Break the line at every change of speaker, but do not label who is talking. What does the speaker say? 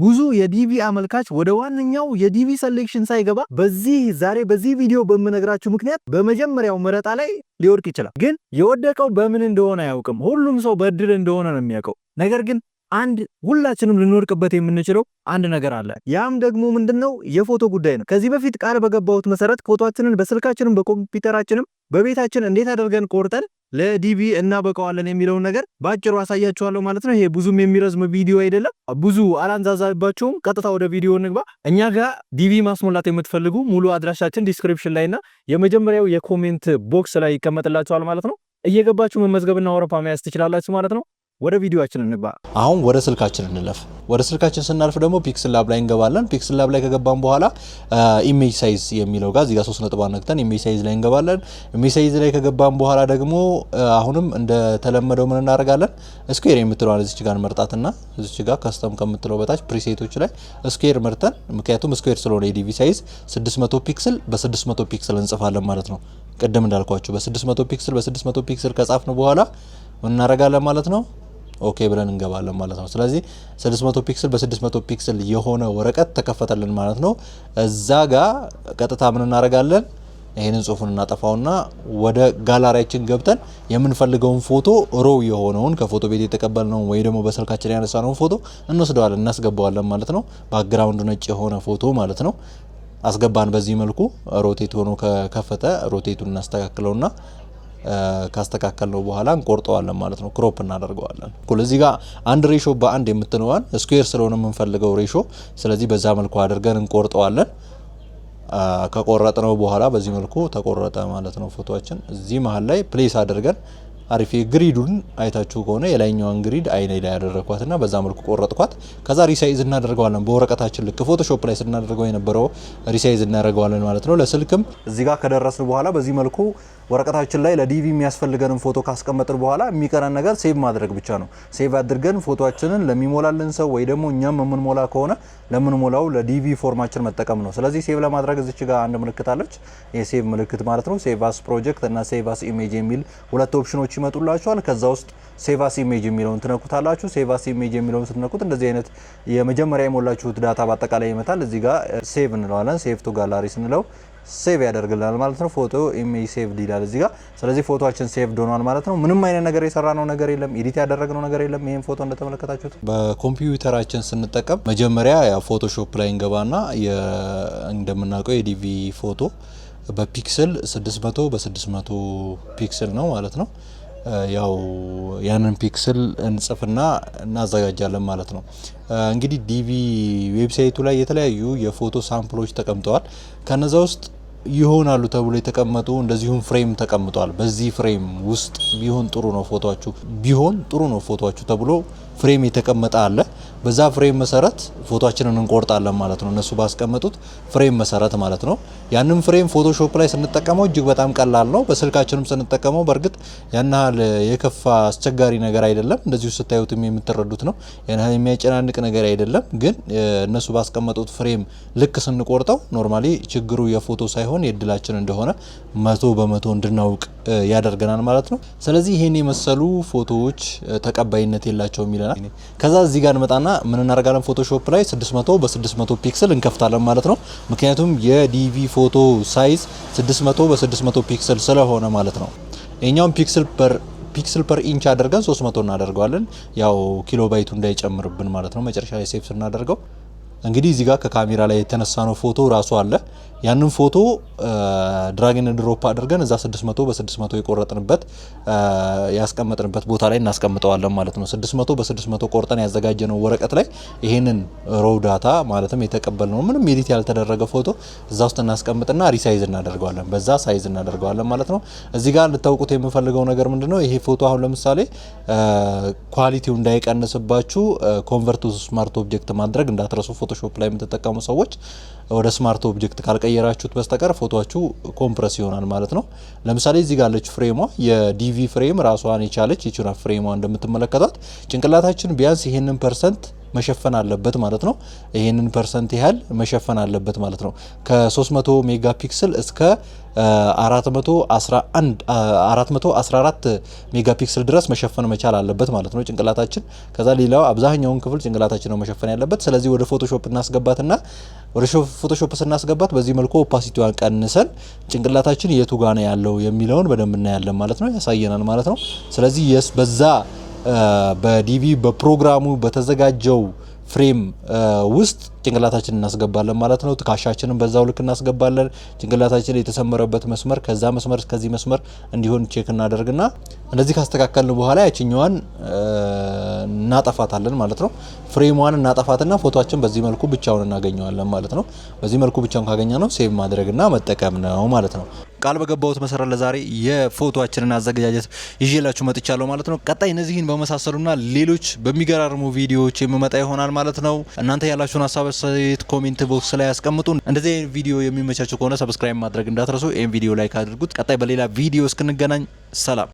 ብዙ የዲቪ አመልካች ወደ ዋነኛው የዲቪ ሴሌክሽን ሳይገባ በዚህ ዛሬ በዚህ ቪዲዮ በምነግራችሁ ምክንያት በመጀመሪያው ምረጣ ላይ ሊወድቅ ይችላል። ግን የወደቀው በምን እንደሆነ አያውቅም። ሁሉም ሰው በእድል እንደሆነ ነው የሚያውቀው። ነገር ግን አንድ ሁላችንም ልንወድቅበት የምንችለው አንድ ነገር አለ። ያም ደግሞ ምንድነው? የፎቶ ጉዳይ ነው። ከዚህ በፊት ቃል በገባሁት መሰረት ፎቶችንን በስልካችንም በኮምፒውተራችንም በቤታችን እንዴት አድርገን ቆርጠን ለዲቢ እናበቀዋለን የሚለውን ነገር በአጭሩ አሳያችኋለሁ ማለት ነው። ይሄ ብዙም የሚረዝም ቪዲዮ አይደለም፣ ብዙ አላንዛዛባቸውም። ቀጥታ ወደ ቪዲዮ እንግባ። እኛ ጋር ዲቪ ማስሞላት የምትፈልጉ ሙሉ አድራሻችን ዲስክሪፕሽን ላይና የመጀመሪያው የኮሜንት ቦክስ ላይ ይቀመጥላችኋል ማለት ነው። እየገባችሁ መመዝገብና ወረፋ መያዝ ትችላላችሁ ማለት ነው። ወደ ቪዲዮችን እንባ።
አሁን ወደ ስልካችን እንለፍ። ወደ ስልካችን ስናልፍ ደግሞ ፒክስል ላብ ላይ እንገባለን። ፒክስል ላብ ላይ ከገባን በኋላ ኢሜጅ ሳይዝ የሚለው ጋር እዚጋ ሶስት ነጥብ አነግተን ኢሜጅ ሳይዝ ላይ እንገባለን። ኢሜጅ ሳይዝ ላይ ከገባን በኋላ ደግሞ አሁንም እንደተለመደው ምን እናደርጋለን? ስኩዌር የምትለዋን እዚች ጋር መርጣትና እዚች ጋር ከስተም ከምትለው በታች ፕሪሴቶች ላይ ስኩዌር መርተን፣ ምክንያቱም ስኩዌር ስለሆነ የዲቪ ሳይዝ 600 ፒክስል በ600 ፒክስል እንጽፋለን ማለት ነው። ቅድም እንዳልኳችሁ በ600 ፒክስል በ600 ፒክስል ከጻፍን በኋላ ምን እናደርጋለን ማለት ነው ኦኬ ብለን እንገባለን ማለት ነው። ስለዚህ 600 ፒክስል በ600 ፒክስል የሆነ ወረቀት ተከፈተልን ማለት ነው። እዛ ጋር ቀጥታ ምን እናደርጋለን? ይህንን ጽሁፉን እናጠፋውና ወደ ጋላሪያችን ገብተን የምንፈልገውን ፎቶ ሮው የሆነውን ከፎቶ ቤት የተቀበልነውን ወይ ደግሞ በስልካችን ያነሳነውን ፎቶ እንወስደዋለን፣ እናስገባዋለን ማለት ነው። ባክግራውንድ ነጭ የሆነ ፎቶ ማለት ነው። አስገባን። በዚህ መልኩ ሮቴት ሆኖ ከከፈተ ሮቴቱን እናስተካክለውና ካስተካከል ነው በኋላ እንቆርጠዋለን ማለት ነው። ክሮፕ እናደርገዋለን። እዚህ ጋር አንድ ሬሾ በአንድ የምትነዋን ስኩዌር ስለሆነ የምንፈልገው ሬሾ፣ ስለዚህ በዛ መልኩ አድርገን እንቆርጠዋለን። ከቆረጥነው በኋላ በዚህ መልኩ ተቆረጠ ማለት ነው። ፎቶችን እዚህ መሀል ላይ ፕሌስ አድርገን አሪፍ ግሪዱን አይታችሁ ከሆነ የላይኛዋን ግሪድ አይኔ ላይ ያደረግኳትና በዛ መልኩ ቆረጥኳት። ከዛ ሪሳይዝ እናደርገዋለን በወረቀታችን ልክ ፎቶሾፕ ላይ ስናደርገው የነበረው ሪሳይዝ እናደርገዋለን ማለት ነው። ለስልክም እዚህ ጋር ከደረስን በኋላ በዚህ መልኩ ወረቀታችን ላይ ለዲቪ የሚያስፈልገንን ፎቶ ካስቀመጥን በኋላ የሚቀረን ነገር ሴቭ ማድረግ ብቻ ነው። ሴቭ አድርገን ፎቶችንን ለሚሞላልን ሰው ወይ ደግሞ እኛም የምንሞላ ከሆነ ለምንሞላው ለዲቪ ፎርማችን መጠቀም ነው። ስለዚህ ሴቭ ለማድረግ እዚች ጋር አንድ ምልክት አለች፣ የሴቭ ምልክት ማለት ነው። ሴቭ አስ ፕሮጀክት እና ሴቭ አስ ኢሜጅ የሚል ሁለት ኦፕሽኖች ኦፕሽኖች ይመጡላችኋል። ከዛ ውስጥ ሴቫስ ኢሜጅ የሚለውን ትነኩታላችሁ። ሴቫስ ኢሜጅ የሚለውን ስትነኩት እንደዚህ አይነት የመጀመሪያ የሞላችሁት ዳታ በአጠቃላይ ይመጣል። እዚህ ጋር ሴቭ እንለዋለን። ሴቭ ቱ ጋላሪ ስንለው ሴቭ ያደርግልናል ማለት ነው። ፎቶ ኢሜጅ ሴቭድ ይላል እዚህ ጋር። ስለዚህ ፎቶችን ሴቭድ ዶኗል ማለት ነው። ምንም አይነት ነገር የሰራ ነው ነገር የለም፣ ኤዲት ያደረግነው ነገር የለም። ይህን ፎቶ እንደተመለከታችሁት
በኮምፒውተራችን ስንጠቀም መጀመሪያ ያ ፎቶሾፕ ላይ እንገባና እንደምናውቀው የዲቪ ፎቶ በፒክስል 600 በ600 ፒክስል ነው ማለት ነው ያው ያንን ፒክስል እንጽፍና እናዘጋጃለን ማለት ነው። እንግዲህ ዲቪ ዌብሳይቱ ላይ የተለያዩ የፎቶ ሳምፕሎች ተቀምጠዋል። ከነዛ ውስጥ ይሆናሉ ተብሎ የተቀመጡ እንደዚሁም ፍሬም ተቀምጧል። በዚህ ፍሬም ውስጥ ቢሆን ጥሩ ነው ፎቶችሁ ቢሆን ጥሩ ነው ፎቶችሁ ተብሎ ፍሬም የተቀመጠ አለ። በዛ ፍሬም መሰረት ፎቶችንን እንቆርጣለን ማለት ነው። እነሱ ባስቀመጡት ፍሬም መሰረት ማለት ነው። ያንን ፍሬም ፎቶሾፕ ላይ ስንጠቀመው እጅግ በጣም ቀላል ነው። በስልካችንም ስንጠቀመው በእርግጥ ያን ያህል የከፋ አስቸጋሪ ነገር አይደለም። እንደዚሁ ስታዩትም የምትረዱት ነው። ያን ያህል የሚያጨናንቅ ነገር አይደለም። ግን እነሱ ባስቀመጡት ፍሬም ልክ ስንቆርጠው ኖርማሊ ችግሩ የፎቶ ሳይሆን የእድላችን እንደሆነ መቶ በመቶ እንድናውቅ ያደርገናል ማለት ነው። ስለዚህ ይህን የመሰሉ ፎቶዎች ተቀባይነት የላቸውም ይለናል። ከዛ እዚህ ጋር እንመጣና ምን እናደርጋለን ፎቶሾፕ ላይ 600 በ600 ፒክሰል እንከፍታለን ማለት ነው። ምክንያቱም የዲቪ ፎቶ ሳይዝ 600 በ600 ፒክሰል ስለሆነ ማለት ነው። የኛውን ፒክሰል ፐር ፒክስል ፐር ኢንች አድርገን 300 እናደርገዋለን። ያው ኪሎ ባይቱ እንዳይጨምርብን ማለት ነው። መጨረሻ ላይ ሴፍ ስናደርገው እንግዲህ እዚህ ጋር ከካሜራ ላይ የተነሳ ነው ፎቶ ራሱ አለ። ያንን ፎቶ ድራግን ድሮፕ አድርገን እዛ 600 በ600 የቆረጥንበት ያስቀመጥንበት ቦታ ላይ እናስቀምጠዋለን ማለት ነው። 600 በ600 ቆርጠን ያዘጋጀነው ወረቀት ላይ ይሄንን ሮው ዳታ ማለትም የተቀበልነው ምንም ኤዲት ያልተደረገ ፎቶ እዛ ውስጥ እናስቀምጥና ሪሳይዝ እናደርገዋለን፣ በዛ ሳይዝ እናደርገዋለን ማለት ነው። እዚህ ጋር ልታውቁት የምፈልገው ነገር ምንድነው? ይሄ ፎቶ አሁን ለምሳሌ ኳሊቲው እንዳይቀንስባችሁ ኮንቨርት ስማርት ኦብጀክት ማድረግ እንዳትረሱ ፎቶ ፎቶሾፕ ላይ የምትጠቀሙ ሰዎች ወደ ስማርት ኦብጀክት ካልቀየራችሁት በስተቀር ፎቶችሁ ኮምፕረስ ይሆናል ማለት ነው። ለምሳሌ እዚህ ጋር ያለች ፍሬሟ የዲቪ ፍሬም ራሷን የቻለች የችና ፍሬሟ እንደምትመለከቷት ጭንቅላታችን ቢያንስ ይህንን ፐርሰንት መሸፈን አለበት ማለት ነው። ይህንን ፐርሰንት ያህል መሸፈን አለበት ማለት ነው። ከ300 ሜጋ ፒክስል እስከ 414 ሜጋ ፒክስል ድረስ መሸፈን መቻል አለበት ማለት ነው ጭንቅላታችን። ከዛ ሌላው አብዛኛውን ክፍል ጭንቅላታችን ነው መሸፈን ያለበት። ስለዚህ ወደ ፎቶሾፕ እናስገባትና ወደ ፎቶሾፕ ስናስገባት በዚህ መልኩ ኦፓሲቲዋን ቀንሰን ጭንቅላታችን የቱ ነው ያለው የሚለውን በደንብ እናያለን ማለት ነው፣ ያሳየናል ማለት ነው። ስለዚህ የስ በዛ በዲቪ በፕሮግራሙ በተዘጋጀው ፍሬም ውስጥ ጭንቅላታችን እናስገባለን ማለት ነው። ትካሻችንን በዛው ልክ እናስገባለን። ጭንቅላታችን የተሰመረበት መስመር ከዛ መስመር እስከዚህ መስመር እንዲሆን ቼክ እናደርግና እንደዚህ ካስተካከልን በኋላ ያችኛዋን እናጠፋታለን ማለት ነው። ፍሬሟን እናጠፋትና ፎቶችን በዚህ መልኩ ብቻውን እናገኘዋለን ማለት ነው። በዚህ መልኩ ብቻውን ካገኘ ነው ሴቭ ማድረግና መጠቀም ነው ማለት ነው።
ቃል በገባሁት መሰረት ለዛሬ የፎቶችንን አዘገጃጀት ይዤላችሁ መጥቻለሁ ማለት ነው። ቀጣይ እነዚህን በመሳሰሉና ሌሎች በሚገራርሙ ቪዲዮዎች የምመጣ ይሆናል ማለት ነው። እናንተ ያላችሁን ሀሳብ አስተያየት ኮሜንት ቦክስ ላይ ያስቀምጡ። እንደዚህ አይነት ቪዲዮ የሚመቻችሁ ከሆነ ሰብስክራይብ ማድረግ እንዳትረሱ። ይህን ቪዲዮ ላይክ አድርጉት። ቀጣይ በሌላ ቪዲዮ እስክንገናኝ ሰላም።